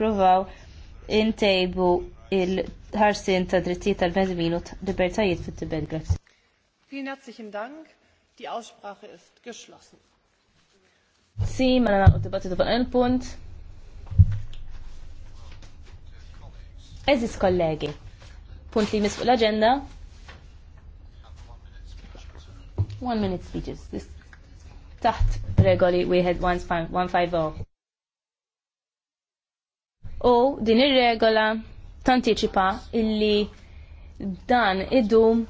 nippruvaw intejbu il-ħarsin ta' drittijiet tal-bnedmin u libertajiet fit-Tibet. Grazzi. Vielen herzlichen Dank. Die Aussprache ist geschlossen. Si, ma nagħlaqu dibattitu fuq il-punt. Eżis kollegi, punt li misfuq l-agenda. One minute speeches. This taħt regoli oh u din ir-regola tantiċipa illi dan idum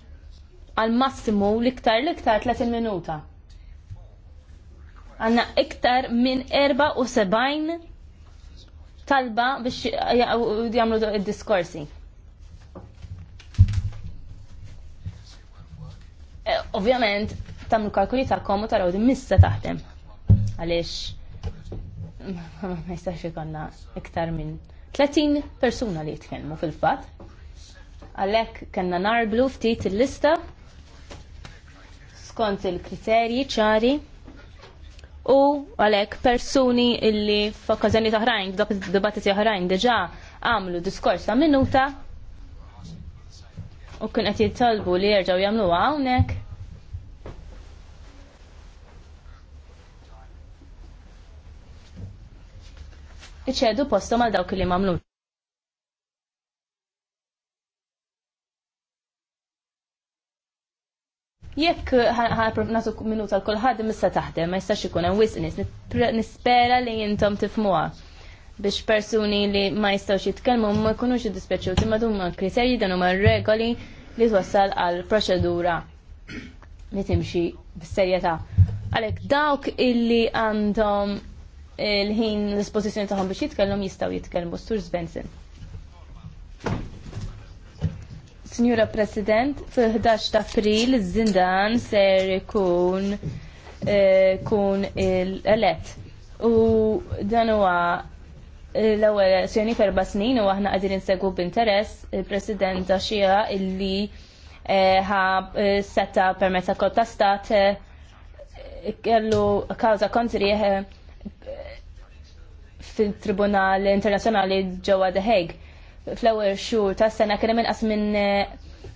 għal massimu l-iktar l-iktar 30 minuta. Għanna iktar minn 74 talba biex jagħmlu id-diskorsi. Eh, ovvjament, tamlu kalkuli tal-komu taraw din missa taħdem. Għalix, ma jistax ikonna iktar minn 30 persuna li jitkellmu fil-fatt. Għalhekk kellna narblu ftit il-lista skont il-kriterji ċari u għalhekk persuni illi f'okkażjoni oħrajn, dibattiti oħrajn diġà għamlu diskors ta' minuta u kien qed jitolbu li jerġgħu jagħmluha hawnhekk iċedu posto għal dawk li mamlu. Jekk natu minuta l kulħadd missa taħdem, ma jistax ikun hemm wisqnis, nispera li jintom tifmuha biex persuni li ma jistawx jitkellmu ma jkunux iddispeċuti ma dum kriterji dan huma regoli li twassal għal proċedura li timxi b serjetà Għalhekk dawk illi għandhom l-ħin l-esposizjoni taħom biex jitkellhom jistgħu jitkellmu Sur Svensson. Signora President, fil-11 ta' April zindan ser ikun eh, kun l-elett. U dan huwa eh, l-ewwel sjoni ferba snin u aħna qegħdin insegwu b'interess il-President Daxija illi eh, ħa setta permezz ta' ta' stat kellu kawza kontri fil-Tribunal Internazzjonali ġewwa The Hague. Fl-ewwel xhur tas-sena kien hemm inqas minn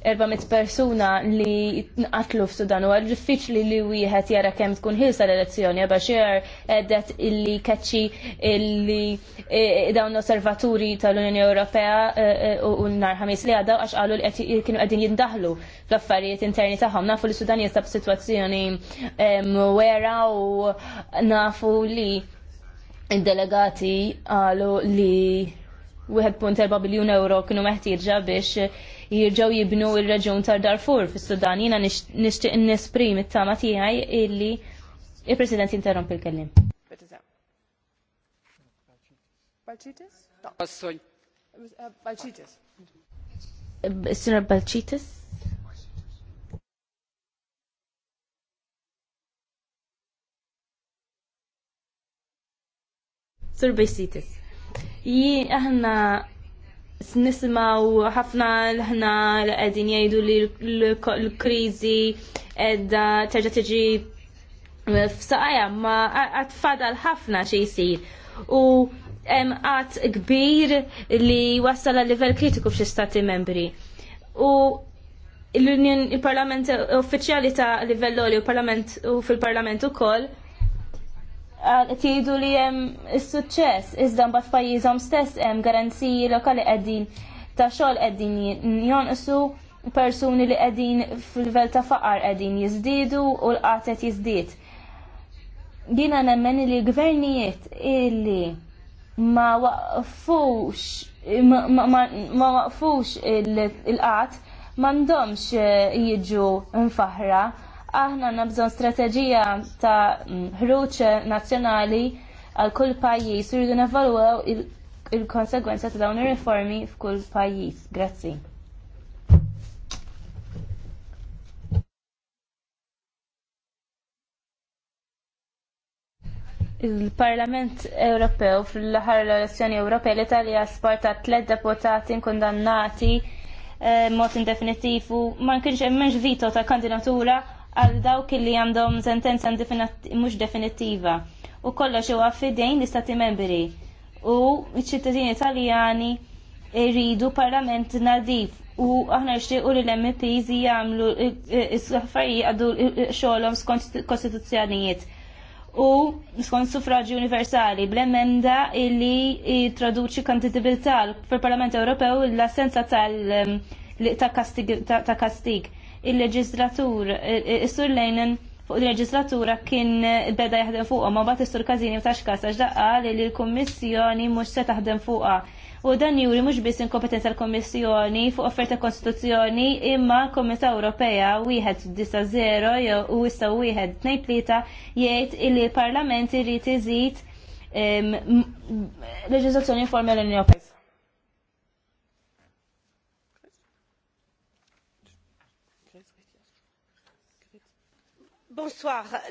400 eh, persuna li nqatlu f'Sudan u għal diffiċli li wieħed jara kemm tkun ħilsa l-elezzjoni għal xejer għeddet illi kaċċi illi eh, dawn l osservaturi tal-Unjoni Ewropea eh, u nhar ħamis li għadaw għax qalu li kienu qegħdin jindaħlu fl-affarijiet interni tagħhom. Nafu li Sudan jinstab sitwazzjoni wera u nafu li il-delegati għalu li 1.4 biljun euro kienu meħtieġa biex jirġaw jibnu il-reġun tar Darfur fis sudan Jina nishtiq nesprim it-tama tiegħi illi il-President interromp il-kellim. Balċitis? Balċitis. Uh, Balċitis? Balċitis? Sur Bejsitis. Jie aħna nismaw ħafna l-ħna l-għedin jgħidu li l-krizi edda terġa tiġi f'saqajja ma l ħafna xie jisir. U għat kbir li wassal għal-level kritiku f'xi stati membri. U l union il-Parlament uffiċjali ta' livell u parlament u fil-Parlament ukoll koll jgħidu li hemm is-suċċess iżda bat fajizom stess hemm garanziji lokali qegħdin ta' xogħol qegħdin jonqsu persuni li qegħdin fil vel ta' faqar qegħdin jiżdiedu u l qatet qed jiżdied. Jiena nemmen li l-gvernijiet illi ma waqfux ma waqfux il-qatt m'għandhomx jiġu faħra aħna nabżon strateġija ta' ħruġ nazzjonali għal kull pajjiż u jridu nevalwaw il-konsegwenza ta' dawn ir-riformi f'kull pajjiż. Grazzi. Il-Parlament Ewropew fl-aħħar elezzjoni Ewropej l-Italja sparta tliet deputati nkundannati eh, mod indefinitivu ma kienx hemm vito ta' kandidatura għal dawk li għandhom sentenza mhux definittiva u kollox huwa fidejn l-istati membri u ċ-ċittadini Taljani jridu parlament nadif u aħna nixtiequ li l-MPs jagħmlu s saffarji għadu xogħolhom skont kostituzzjonijiet u skont suffraġġi universali bl-emenda li traduċi kandidibilità fil-Parlament Ewropew l-assenza tal-kastig. Ta, ta, ta, il-leġislatur, is-sur eh, eh, Lejnen fuq il-leġislatura kien eh, beda jaħdem fuqha, ma bat is-sur Kazini f'tax kas għax daqqa li l-Kummissjoni mhux se taħdem fuqha. U dan juri mhux biss inkompetenza l-Kommissjoni fuq offerta Kostituzzjoni imma l Komunità Ewropea wieħed disa zero u issa wieħed tnejn tlieta jgħid il-Parlament irid iżid leġiżlazzjoni informali l-Unjoni Ewropea.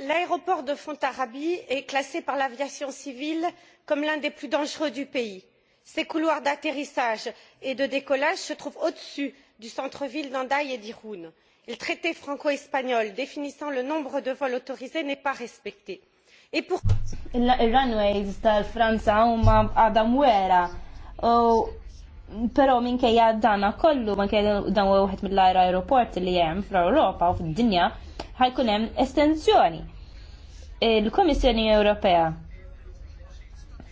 l'aéroport de fontarabie est classé par l'aviation civile comme l'un des plus dangereux du pays. ses couloirs d'atterrissage et de décollage se trouvent au dessus du centre ville d'hendaye et d'irun. le traité franco espagnol définissant le nombre de vols autorisés n'est pas respecté. Et pour... Il-runways tal-Franza huma għadha mwera. Però dana kollu, dan mill li fl u dinja ħajkun hemm estensjoni. Il-Komissjoni Ewropea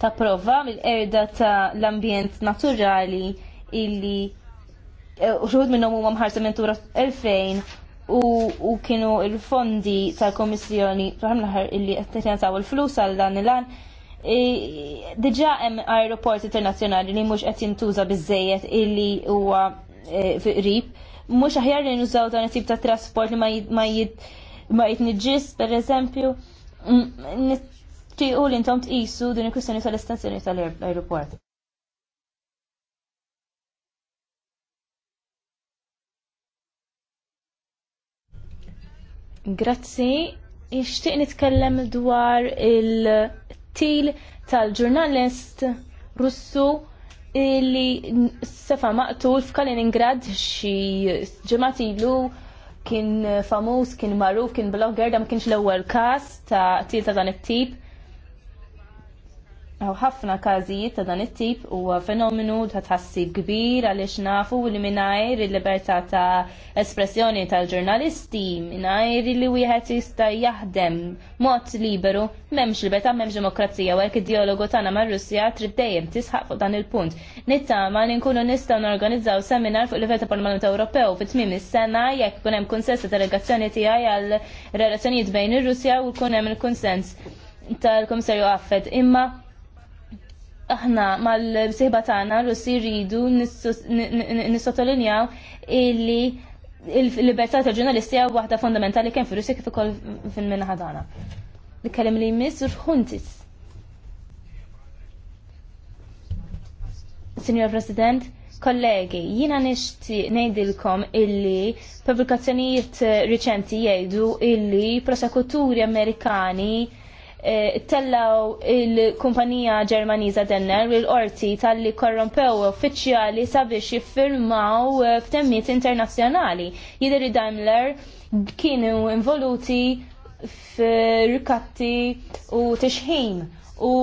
tapprova mill-erda ta' l-ambjent naturali illi e, uxħud minnhom huma mħarsa tura 2000 u kienu il-fondi tal-Komissjoni fl l-ħar illi għattetjanzaw il-flus għal dan il-għan e, diġa hemm aeroport internazzjonali li mhux qed jintuża biżejjed illi huwa e, qrib mhux aħjar li nużaw dan it-tip ta' trasport li ma jitniġġis eżempju, nittiqu li intom tqisu din il-kwistjoni tal-istazzjoni tal-aeroport. Grazzi, ixtieq nitkellem dwar il-til tal-ġurnalist Russu Illi sefa maqtul f'Kaliningrad xi ġimgħat kien famuż, kien magħruf, kien blogger, da ma kienx l-ewwel każ ta' til ta' dan it-tip Għaw ħafna każijiet ta' dan it-tip huwa fenomenu ta' tħassib kbir għaliex nafu li mingħajr il-libertà ta' espressjoni tal-ġurnalisti, mingħajr li wieħed jista' jaħdem mod liberu, m'hemmx libertà m'hemmx demokrazija u hekk id-dialogu tagħna mar-Russja trid dejjem tisħaq fuq dan il-punt. Nittama li nkunu nistgħu norganizzaw seminar fuq livell ta' Parlament Ewropew fit tmiem is-sena jekk kun hemm kunsens ta' delegazzjoni tiegħi għal relazzjonijiet bejn ir-Russja u kun hemm il-kunsens tal-Komissarju Affed imma aħna mal-sejba tagħna Russi jridu nissotolinjaw illi il-libertà tal-ġurnalisti hija waħda fondamentali kemm fir-Russja kif ukoll fil minaħa tagħna. Nitkellem li jmiss Huntis. Signor President, kollegi, jina nishti nejdilkom illi publikazzjonijiet riċenti jgħidu illi prosekuturi amerikani Eh, tellaw il-kumpanija Ġermaniża Denner u l-qorti tal-li korrompew uffiċjali sabiex jiffirmaw eh, f'temmiet internazzjonali. Jideri Daimler kienu involuti f'rikatti u t u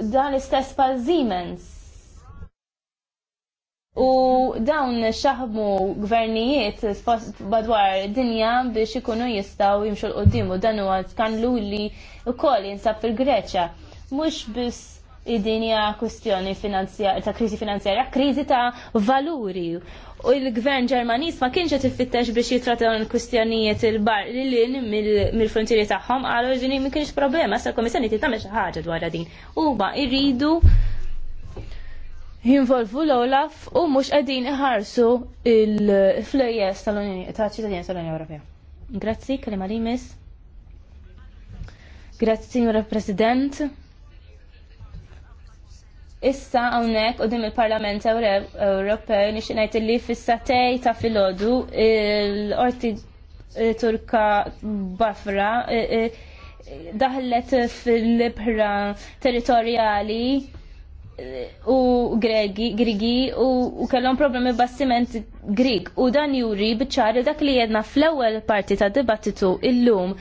dan l-istess pal Siemens U dawn xaħmu gvernijiet madwar dinja biex ikunu jistaw jimxu l-qoddim u dan huwa skandlu li wkoll jinsab fil-Greċja. Mhux biss id-dinja kustjoni ta' kriżi finanzjarja, kriżi ta' valuri. U l-gvern Ġermaniż ma kienx qed iffittex biex jitrattaw l kustjonijiet il-bar lilin mill-frontieri tagħhom, għal ġini ma kienx problema, sa' komissjoni tagħmel xi ħaġa dwar din. Huma irridu jinvolvu l-olaf u mux għedin iħarsu il-flejjes tal-ċittadini tal-Unjoni Ewropea. Grazzi, kalima Limis. Grazzi, Signora President. Issa għonek u dim il-Parlament Ewropew nixinajt li fissatej ta' filodu l-orti eh, turka bafra eh, eh, daħlet fil-libra territoriali u gregi, grigi u, u kellhom problemi bas grig u dan juri biċċari dak li jedna fl-ewwel parti ta' dibattitu illum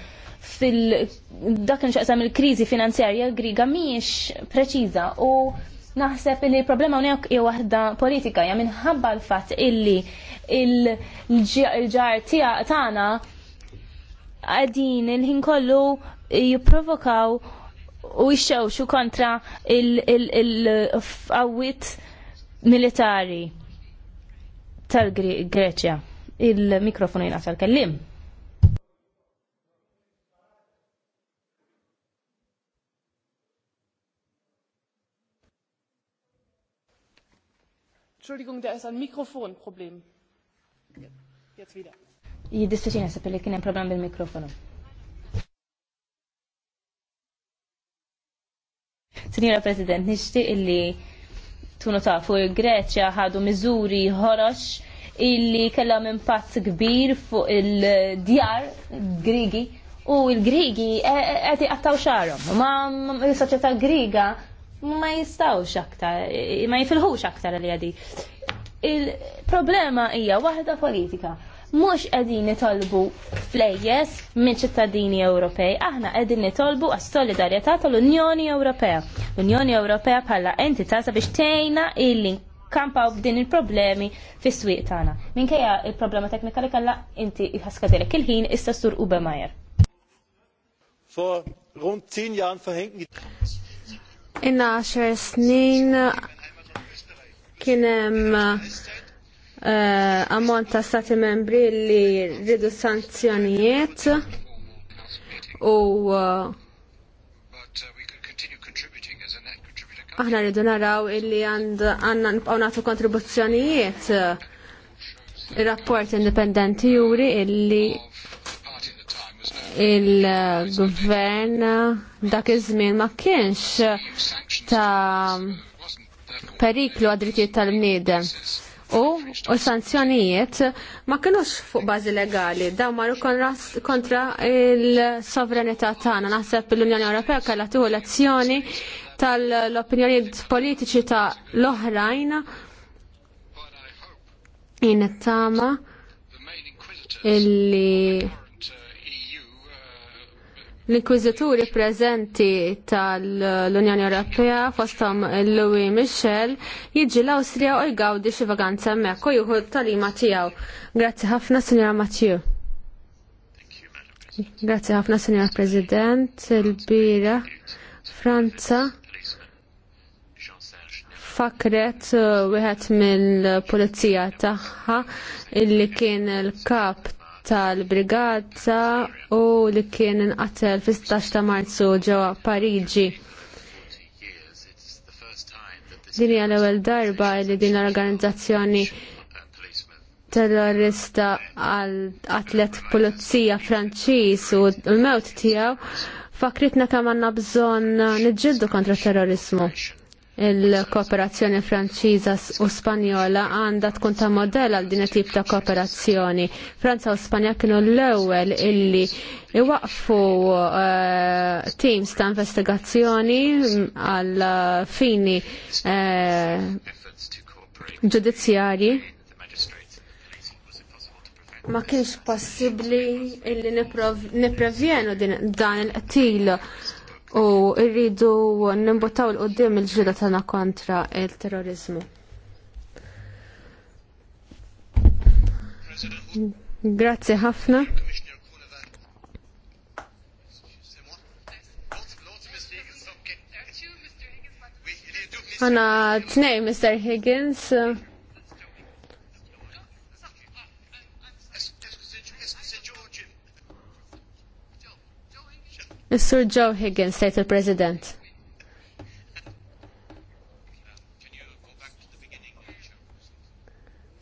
fil dak nxaqsam il-kriżi finanzjarja griga mhijiex preċiża u naħseb li problema hawnhekk hija waħda politika ja minħabba l-fatt illi il-ġar tiegħek tagħna qegħdin il-ħin kollu jipprovokaw u jxew xu kontra il fawit militari tal-Greċja. Il-mikrofonu jina tal-kellim. Entschuldigung, da ist ein Mikrofonproblem. Jetzt wieder. Jiddistaxina, sapilli ein problem mit dem Mikrofon. mikrofonu Sinjora President, nixtieq illi tunu tafu il-Greċja ħadu miżuri ħorox illi kellhom impatt kbir fuq il-djar Grigi u il-Grigi e, e, qed iqattaw xarhom. Ma s-soċjetà Griga ma jistawx aktar, ma jifilħux aktar li għadi. Il-problema hija waħda politika mhux qegħdin nitolbu flejjes minn ċittadini Ewropej, aħna qegħdin nitolbu għas-solidarjetà tal-Unjoni Ewropea. L-Unjoni Ewropea bħala entità sabiex tgħinna illi kampaw b'din il-problemi fis swieq tagħna. Minkejja il-problema teknika li kellha inti ħaskadilek il-ħin issa sur Ubemajer. For rund 10 Jahren verhängten Inna 10 snin kien hemm Eh, ammont ta' stati membri li rridu sanzjonijiet u uh, eh, aħna rridu naraw illi għanna nibqaw nagħtu kontribuzzjonijiet ir-rapport indipendenti juri illi il-gvern dak iż-żmien ma kienx ta' periklu għad-drittijiet tal-bniedem u s-sanzjonijiet ma kienux fuq bażi legali, daw maru kontra il-sovranità tagħna. Naħseb l-Unjoni Ewropea kellha tieħu lezzjoni tal-opinjonijiet politiċi ta' l-oħrajn in tama illi l-inkwizituri prezenti tal-Unjoni Ewropea fostom Louis Michel jiġi l-Awstrija u jgawdi xi vaganza hemmhekk u jieħu talima tiegħu. Grazzi ħafna Sinjora Mathieu. Grazzi ħafna Sinjora President, il-bira Franza fakret uh, wieħed mill-pulizija tagħha illi kien il-kap tal-brigata u li kien inqatel fis-16 ta' Marzu ġewwa Pariġi. Din hija l-ewwel darba li din l-organizzazzjoni terrorista għal atlet pulizija Franċiż u l-mewt tiegħu fakritna kemm għandna bżonn niġġieldu kontra t-terrorismu il-kooperazzjoni Franċiża u Spanjola għandha tkun ta' modell għal din tip ta' kooperazzjoni. Franza u Spanja kienu l-ewwel illi iwaqfu uh, teams ta' investigazzjoni għal fini eh, ġudizzjarji. Uh, ma kienx possibbli illi neprevjenu dan il-qtil u rridu nimbottaw l-qoddim il-ġlida tana kontra il-terrorizmu. Grazie ħafna. Għana t-nej, Mr. Higgins. Mr. sur Joe Higgins, state il-President.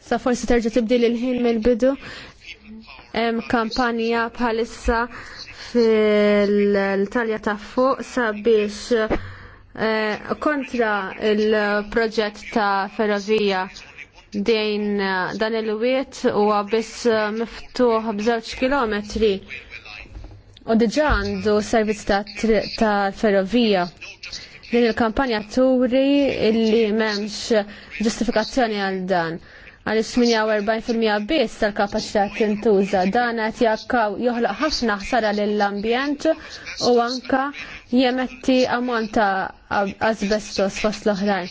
Sa forsi terġa' tibdil il-ħin mill-bidu. Hemm kampanja bħalissa fil-Talja ta' fuq sabiex eh, kontra il-proġett ta' ferrovija dejn dan il-wiet huwa biss miftuħ b'żewġ kilometri u diġa għandu servizz ta' ferrovija. Din il-kampanja turi illi memx ġustifikazzjoni għal dan. Għal 48% biss tal-kapacità tintuża dan qed jakkaw joħloq ħafna ħsara lill-ambjent u anka jemetti ammont ta' fost l-oħrajn.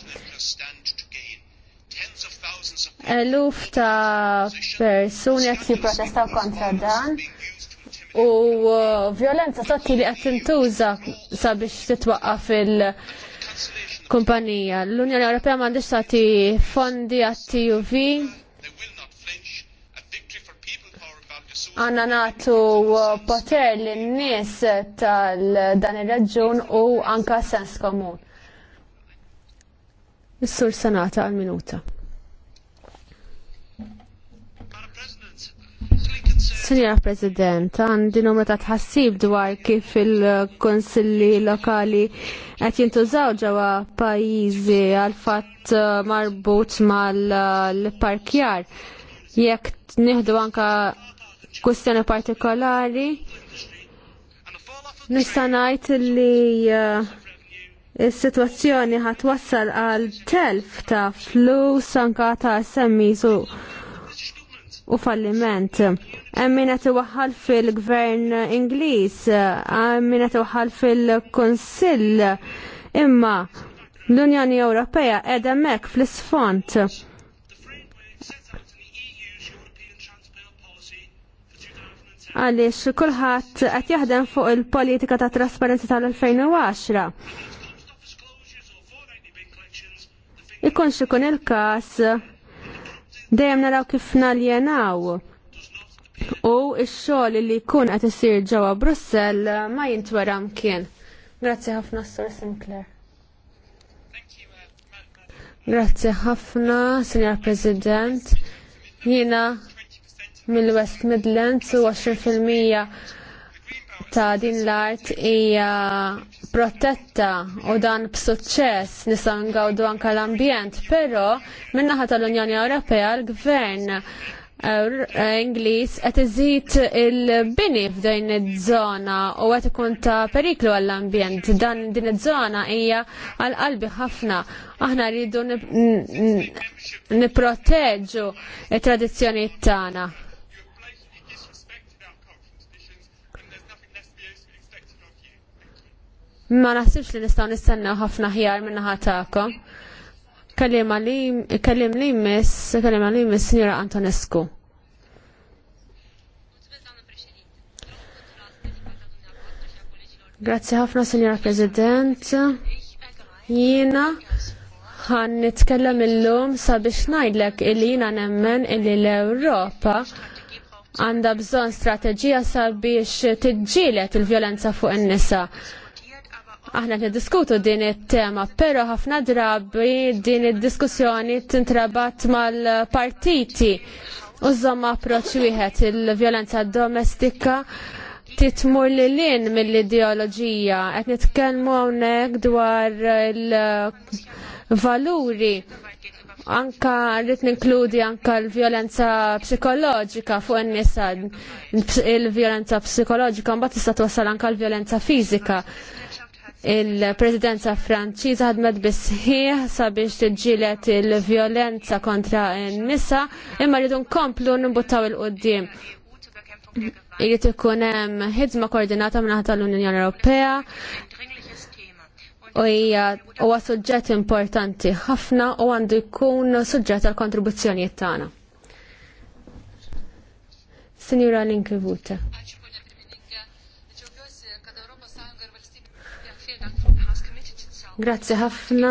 Eluf ta' persuni qed jipprotestaw kontra dan u uh, violenza tatti li qed tintuża sabiex titwaqqaf fil kumpanija L-Unjoni Ewropea m'għandix tagħti fondi għat-TUV. Għanna natu uh, poter lin nies tal-dan il-reġun u anka sens komun. Is-sur sanata għal-minuta. Sinjora President, għandi numru ta' tħassib dwar kif il-konsilli lokali qed jintużaw ġewwa pajjiżi għal fatt marbut mal-parkjar. Jekk nieħdu anka kwistjoni partikolari, nista' ngħid li uh, is-sitwazzjoni ħadd wassal għal telf ta' flus anka ta' semmi u falliment. Emmin qed fil-Gvern Ingliż, emmin qed fil konsill imma l-Unjoni Ewropea edha mek fl sfont Għalix, kullħat għat jaħdem fuq il-politika ta' trasparenza tal-2010. Ikun xikun il kas dejjem naraw kif naljenaw. U x-xogħol li jkun qed isir ġewwa Brussell ma jintwera kien. Grazzi ħafna Sur Sinclair. Grazzi ħafna, Sinjar President. Jiena mill-West Midlands u 20% ta' din l-art hija protetta u dan b'suċċess nista' ngawdu anke l-ambjent, però min-naħa tal-Unjoni Ewropea l-Gvern Ingliż qed iżid il-bini f'din iż-żona u qed ikun ta' periklu għall-ambjent. Dan din iż-żona hija għal qalbi ħafna. Aħna rridu nipproteġu t tradizzjonijiet tagħna. ma naħsibx li nistgħu nistennew ħafna ħjar minn ħatakom. Kallim li miss, kallim li miss Signora Antonescu. Grazzi ħafna Signora President. Jiena ħan nitkellem illum sabiex ngħidlek illi jina nemmen illi l-Ewropa għandha bżonn strateġija sabiex tiġġielet il-vjolenza fuq in-nisa. il violenza fuq il vjolenza fuq in nisa Aħna diskutu din it-tema, però ħafna drabi din id-diskussjoni tintrabat mal-partiti. U żomma approċċ wieħed il-vjolenza domestika titmur li lin mill-ideoloġija, qed nitkellmu hawnhekk dwar il-valuri. Anka rrit ninkludi anka l-violenza psikoloġika fuq in-nisa, il-violenza psikoloġika mbagħad tista' twassal anka l-violenza fizika il-Presidenza Franċiża ħadmet bisħieħ sabiex tiġġielet il-vjolenza kontra n-nisa imma rridu nkomplu nimbuttaw il qudiem Irid ikun hemm ħidma koordinata minn tal-Unjoni Ewropea u hija huwa suġġett importanti ħafna u għandu jkun suġġett għal kontribuzzjonijiet tagħna. Sinjura Linkevute. Grazzi ħafna.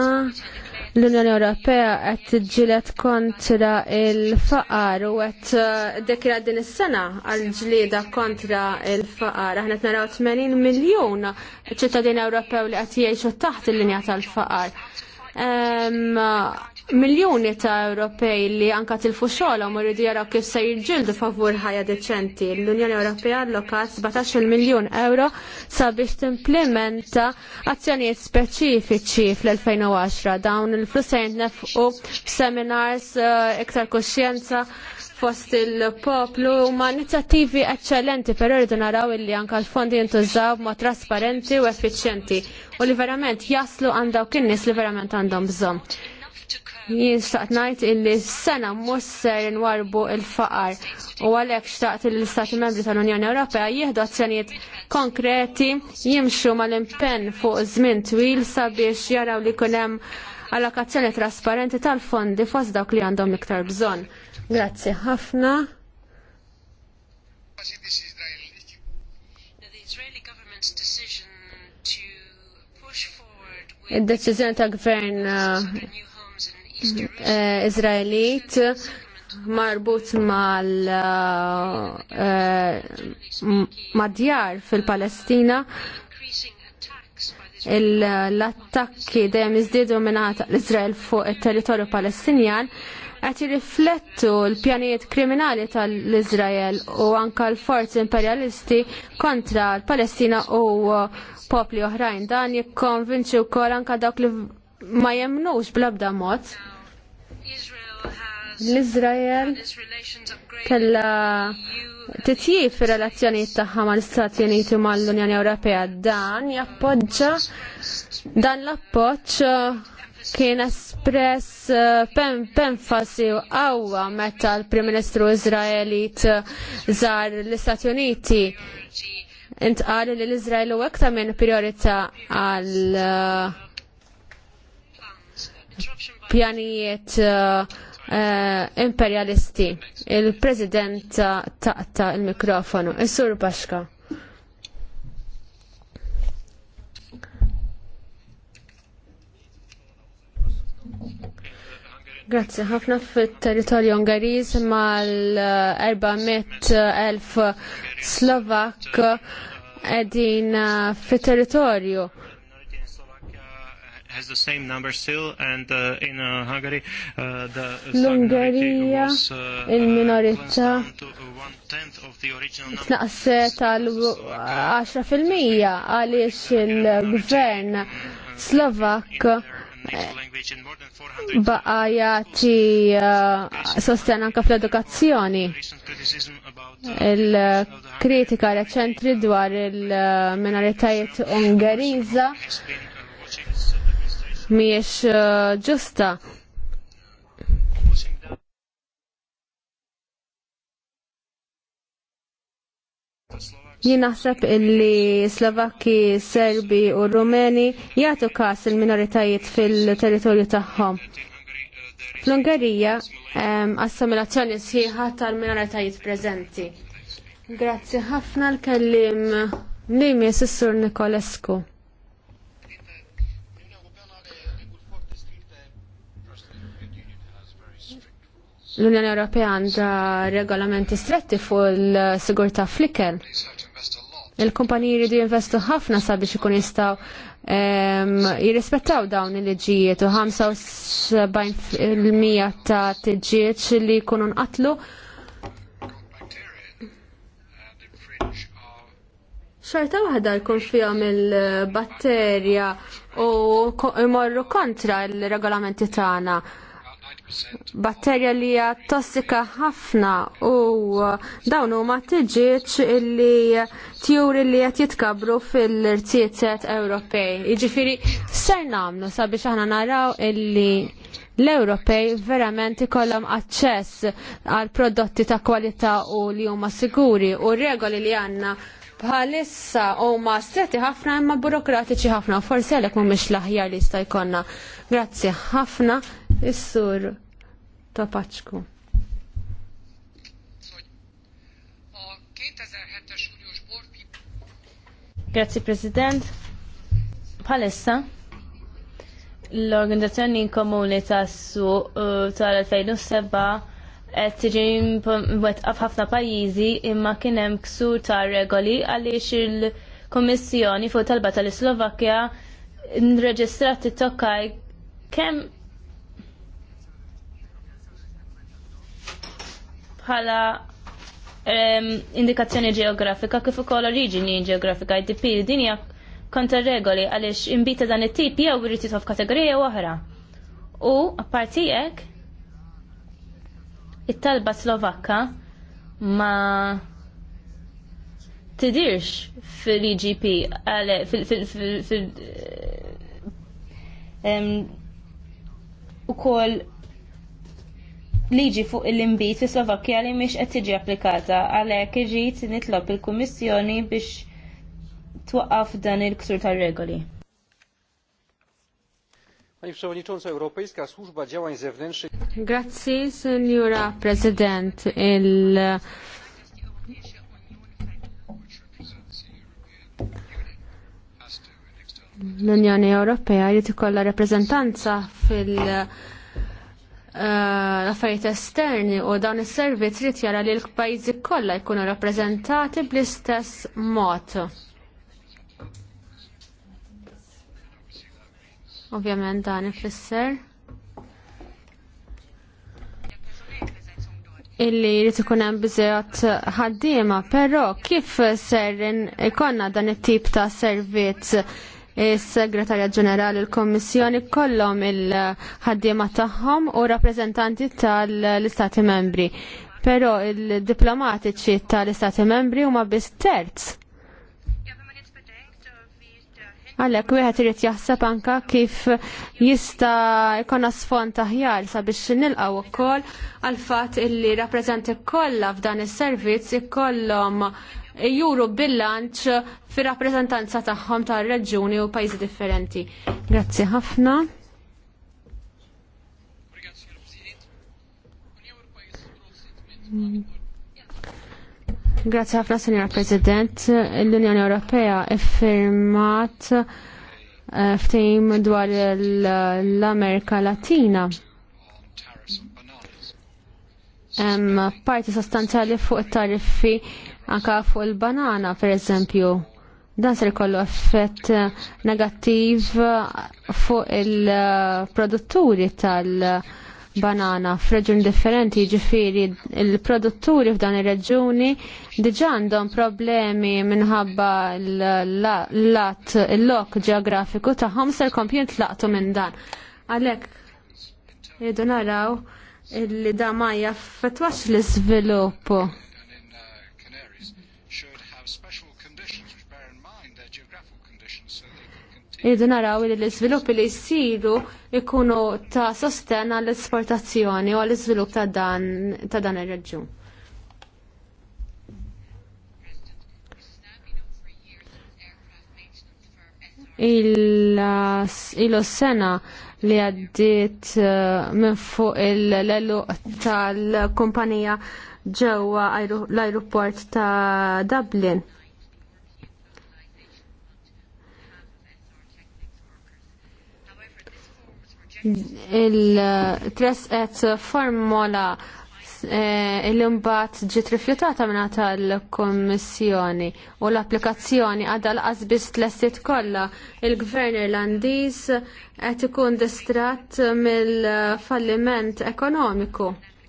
L-Unjoni Ewropea qed tiġilet kontra il-faqar u qed uh, dekra din is-sena għal ġlieda kontra il-faqar. Aħna naraw 80 miljun ċittadin Ewropew li qed jgħixu taħt il-linja tal-faqar miljoni ta' Ewropej li anka tilfu xogħolhom rridu jaraw kif se jirġildu favur ħajja deċenti. L-Unjoni Ewropea allokat 17 miljun euro sabiex timplementa azzjonijiet speċifiċi fl-2010 dawn il-flus se jintnefqu seminars eh, iktar kuxjenza fost il-poplu ma' inizjattivi eccellenti per rridu naraw illi anka l-fondi jintużaw ma' trasparenti u effiċjenti u li verament jaslu għandaw kinnis li verament għandhom bżonn. Jien najt ngħid illi s-sena mhux ser nwarbu il faqar u għalhekk xtaqt li l-Istati Membri tal-Unjoni Ewropea jieħdu azzjonijiet konkreti jimxu mal-impenn fuq żmien twil sabiex jaraw li jkun hemm allokazzjoni trasparenti tal-fondi fost dawk li għandhom iktar bżonn. Grazzi ħafna. Id-deċiżjoni tal gvern uh, Eh, Izraelit marbut mal eh, madjar fil-Palestina l-attakki dejjem iżdiedu minnata l-Izrael fuq it-territorju Palestinjan qed jirriflettu l-pjanijiet kriminali tal-Izrael u anka l-forzi imperialisti kontra l-Palestina u popli oħrajn. Dan jikkonvinċi wkoll anka dawk li ma jemnux bl-ebda mod l-Izrael kella titjib fir relazzjonijiet tagħha mal-Istati Uniti u mal-Unjoni Ewropea dan jappoġġa dan l-appoġġ uh, kien espress uh, penfasi u qawwa meta l-Prim Ministru Iżraelit uh, żar l-Istati Uniti Intqali li l-Iżrael u aktar minn priorità għal pjanijiet uh, Eh, imperialisti. Il-President taqta il-mikrofonu. Is-Sur Baxka. Grazie, ħafna fit-territorju Ungariż mal-400.000 Slovak edin eh, fit-territorju has the same number still and uh, in uh, Hungary uh, the l-Ungerija il-minorità naqset tal-10% għalix il-gvern Slovak baqa jati uh, sosten anka fl-edukazzjoni uh, il-kritika reċentri dwar il-minoritajiet ungeriza mhijiex eh, ġusta. Jien naħseb illi Slovakki, Serbi u Rumeni jagħtu każ il-minoritajiet fil-territorju tagħhom. Fl-Ungerija assimilazzjoni sħiħa tal-minoritajiet preżenti. Grazzi ħafna l-kellim Nimi Sissur Nikolescu. l-Unjoni Ewropea għandha regolamenti stretti fuq il-sigurtà flicker. Il-kumpaniji jridu jinvestu ħafna sabiex ikun jistgħu jirrispettaw dawn il-liġijiet u 75% ta' tiġiet li jkunu nqatlu xorta waħda jkun fihom il-batterja u jmorru kontra il regolamenti tagħna batterja li hija tossika ħafna u uh, dawn huma tiġiet illi tjuri li qed jitkabru fil-irtiet Ewropej. Jiġifieri ser nagħmlu sabiex aħna naraw illi l-Ewropej verament ikollhom aċċess għal prodotti ta' kwalità u li huma siguri u regoli li għandna bħalissa huma stretti ħafna imma burokratiċi ħafna u forsi għalhekk mhumiex l-aħjar li jista' jkollna. Grazzi ħafna. Is-sur Tapaċku. Grazzi President. Palessa, l-organizzazzjoni komuni tas-su uh, tal-2007 qed tiġi mwettqaf ħafna pajjiżi imma kien hemm ksur ta' regoli għaliex il-Kummissjoni fuq talba tal-Islovakkja nreġistrat tittokaj kemm bħala indikazzjoni ġeografika kif ukoll oriġini ġeografika IDP din hija kontra regoli għaliex imbita dan it-tip jew irid jitħof kategorija oħra. U apparti hekk it-talba Slovakka ma tidirx fil-IGP fil- u koll liġi fuq il-imbit fi Slovakkja li mhix qed tiġi applikata għalhekk irid nitlob il-Kummissjoni biex twaqqaf dan il-ksur tar-regoli. Pani Przewodnicząca, Europejska Służba Działań Zewnętrznych. Grazie, Signora President. Il... L-Unjoni Ewropea jrid ikollha rappreżentanza fil- l-affarijiet esterni u dawn is-servizz li jara li l-pajjiżi kollha jkunu rappreżentati bl-istess mod. Ovvjament dan ifisser illi jrid ikun hemm biżejjed ħaddiema, però kif ser ikonna dan it-tip ta' servizz il-Segretarja Ġenerali l-Kommissjoni kollom il-ħaddiema tagħhom u rappreżentanti tal-Istati Membri. Però il-diplomatiċi tal-Istati Membri huma biss terz. Għalhekk wieħed irid jaħseb anke kif jista' jkollna sfond aħjar sabiex nilqgħu wkoll għal fatt illi rappreżenti kollha f'dan is-servizz ikollhom juru bilanċ fir rappresentanza taħħom ta' reġuni u pajzi differenti. Grazie ħafna. Grazie ħafna, Senjora President. L-Unjoni Ewropea iffirmat eh, ftehim dwar l-Amerika Latina parti sostanzjali fuq it tariffi anka fuq il-banana per eżempju. Dan ser jkollu effett eh, negattiv eh, fuq il-produtturi tal-banana f'reġun differenti, ġifiri il-produtturi f'dan ir-reġuni diġà għandhom problemi minħabba l-lat il-lok ġeografiku taħħom ser kompjent laqtu minn dan. Għalhekk irridu naraw li da ma jaffettwax l-iżvilupp Irridu naraw li l-iżviluppi li jsiru jkunu ta' sosten għall esportazzjoni u għall iżvilupp ta' dan ta' dan ir-reġjun. Ilu sena li għaddit uh, minn fuq il-leluq tal-kumpanija ġewwa l-aeroport ta' Dublin il qed formola eh, il-imbat ġiet rifjutata minna tal-Kommissjoni u l-applikazzjoni għadha l-qasbis tlessit kollha il-Gvern Irlandiż qed ikun distratt mill-falliment ekonomiku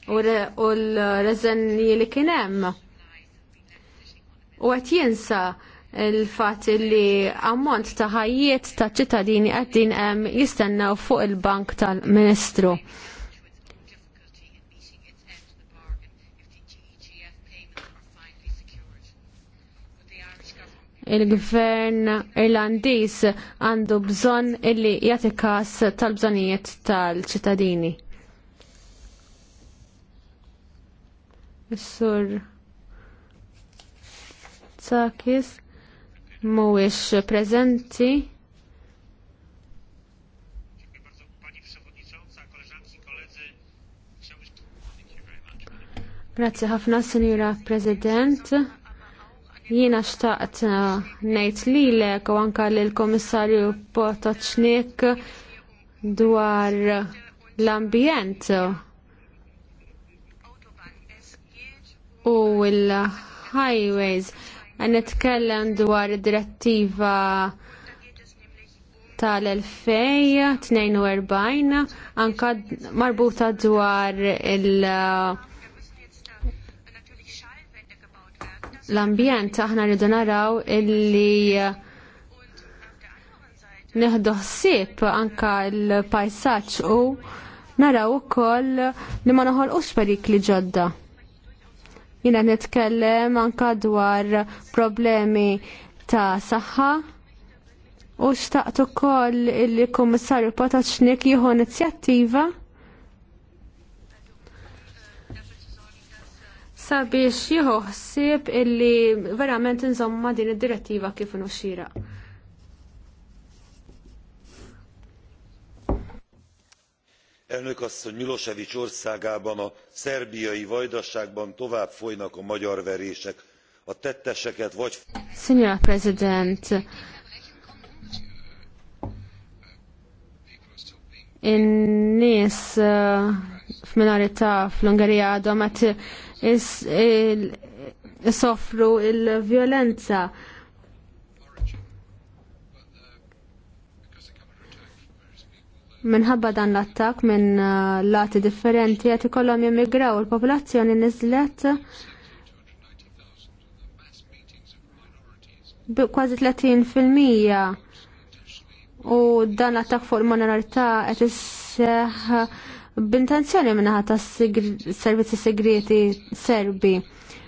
u l-reżenji li kien hemm. U qed jinsa il-fat li ammont ta' ħajjiet ta' ċittadini għaddin hemm jistennew fuq il-bank tal-Ministru. Il-gvern Irlandiż għandu bżonn illi jagħti każ tal-bżonnijiet tal-ċittadini. Is-sur Tsakis mhuwiex preżenti. Grazie ħafna, Signora President. Jiena xtaqt uh, ngħid lilek u anke lill komissarju Potocnik dwar l-ambjent u l-highways għan netkellem dwar id-direttiva tal-2042 anka marbuta dwar il- l-ambjent aħna rridu naraw illi neħdu ħsieb anka l-pajsaġġ u naraw ukoll li ma noħolqux li ġodda. Jina nitkellem anka dwar problemi ta' saħħa u xtaqt ukoll il-Kummissarju Potoċnik jieħu inizjattiva sabiex jieħu ħsieb illi verament inżomma din id-direttiva kif nuxxira. elnök asszony milosevi országában a szerbiai vajdaságban tovább folynak a magyar verések a tetteseket vagy. President, in-nies uh, f'minorità fl-Ungerija għadhom qed il minħabba dan l-attak minn uh, lati differenti qed ikollhom jemigraw il-popolazzjoni niżlet kważi 30% u dan l-attak fuq il-minorità qed isseħ b'intenzjoni minnaħa tas-servizzi segreti serbi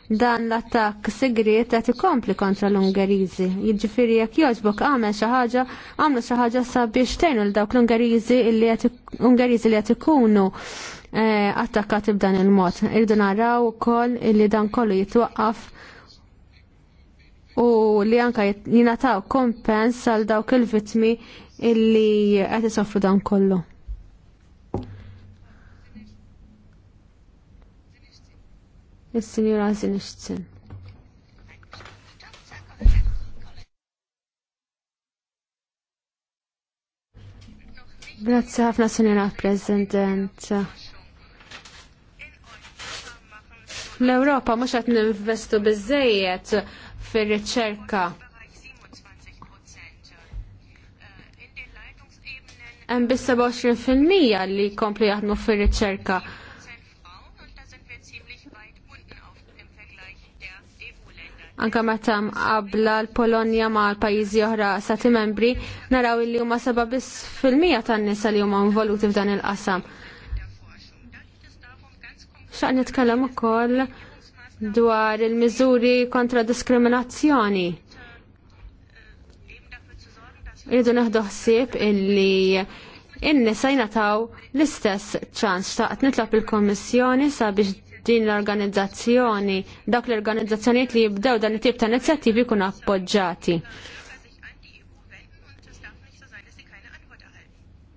dan l-attakk segret qed ikompli kontra l-Ungeriżi. Jiġifieri jekk jogħġbok għamel xi ħaġa, għamlu xi ħaġa sabiex tgħinu l dawk l-Ungeriżi li qed Ungeriżi li qed ikunu eh, attakkati b'dan il-mod. Irdu naraw ukoll li dan kollu jitwaqqaf u li anka jingħataw kompens għal dawk il-vitmi illi qed isofru dan kollu. il-Sinjura Zinishtin. Grazie ħafna Sinjura President. L-Europa mhux qed ninvestu biżejjed fir-riċerka. Hemm bis 27% li jkomplu jaħdmu fir-riċerka. anka meta mqabbla l-Polonja ma' pajjiżi oħra stati membri naraw li huma seba' biss fil-mija tan-nisa li huma involuti f'dan il-qasam. Xaq nitkellem ukoll dwar il-miżuri kontra diskriminazzjoni. Irridu neħdu ħsieb illi in-nisa jingħataw l-istess ċans xtaqt nitlob il-Kommissjoni sabiex din l-organizzazzjoni, dak l-organizzazzjonijiet li jibdew dan it-tip ta' inizjattivi jkunu appoġġjati.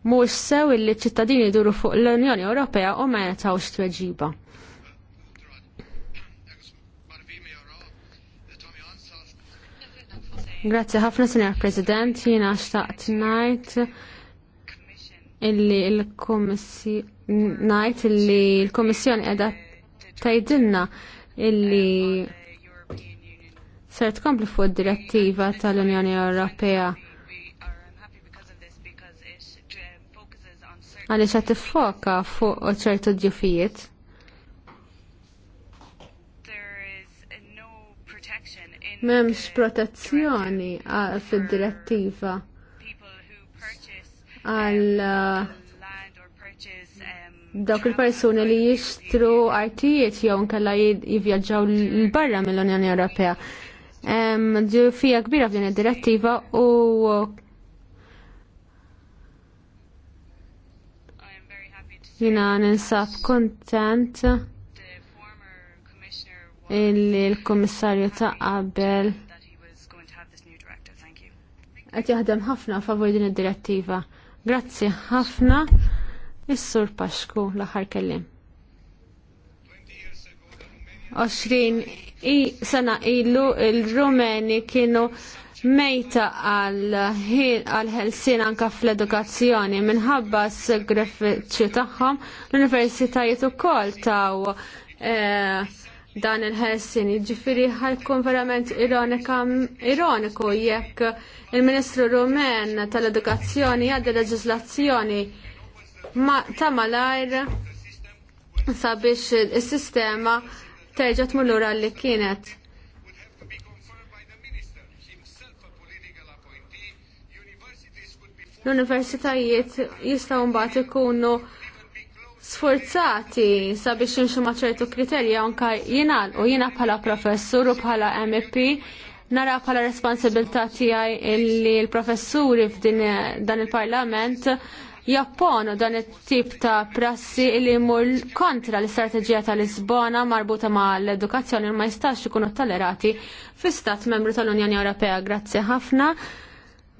Mhux sew illi ċittadini jduru fuq l-Unjoni Ewropea u ma jagħtawx tweġiba. Grazie ħafna, Sinjor President, jiena xtaqt ngħid illi il-Komissjoni ngħid illi l-Komissjoni qiegħda tajdilna illi ser tkompli fuq id-direttiva tal-Unjoni Ewropea għaliex qed tiffoka fuq ċertu djufijiet. M'hemmx protezzjoni fid-direttiva għal uh, dawk il-persuni li jixtru artijiet jew nkella jivvjaġġaw l-barra mill-Unjoni Ewropea. fija kbira f'din id-direttiva u jina ninsab kontent illi l-Komissarju ta' qabel għet jahdem ħafna favur din id-direttiva. Grazzi ħafna. Is-Sur Paxku l-aħħar kellim. 20 i sena ilu il-Rumeni kienu mejta għal ħelsin anka fl-edukazzjoni minħabba s-sagrifiċi tagħhom l-universitajiet ukoll taw e, dan il-ħelsin. Ġifiri ħajkun verament ironiku jekk il-Ministru Rumen tal-Edukazzjoni għadda leġislazzjoni ma ta' malajr sabiex il-sistema terġa tmur li kienet. L-universitajiet jistgħu mbagħad ikunu sforzati sabiex jimxu ma' ċertu kriterji anka jingħal u jiena bħala professur u bħala MP nara bħala responsabilta' tiegħi illi l-professuri f'din dan il-parlament il parlament japponu dan it-tip ta' prassi li jmur kontra l-istrateġija tal-Lisbona marbuta ma' l-edukazzjoni ma' jistax ikunu tollerati fi stat membru tal-Unjoni Ewropea. Grazzi ħafna.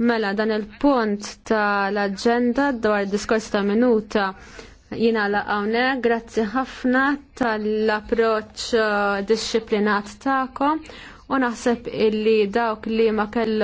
Mela dan il-punt tal-agenda dwar diskors ta' minuta jina la' għawne. Grazzi ħafna tal-approċ eh, disciplinat ta'kom u naħseb illi dawk li ma kellu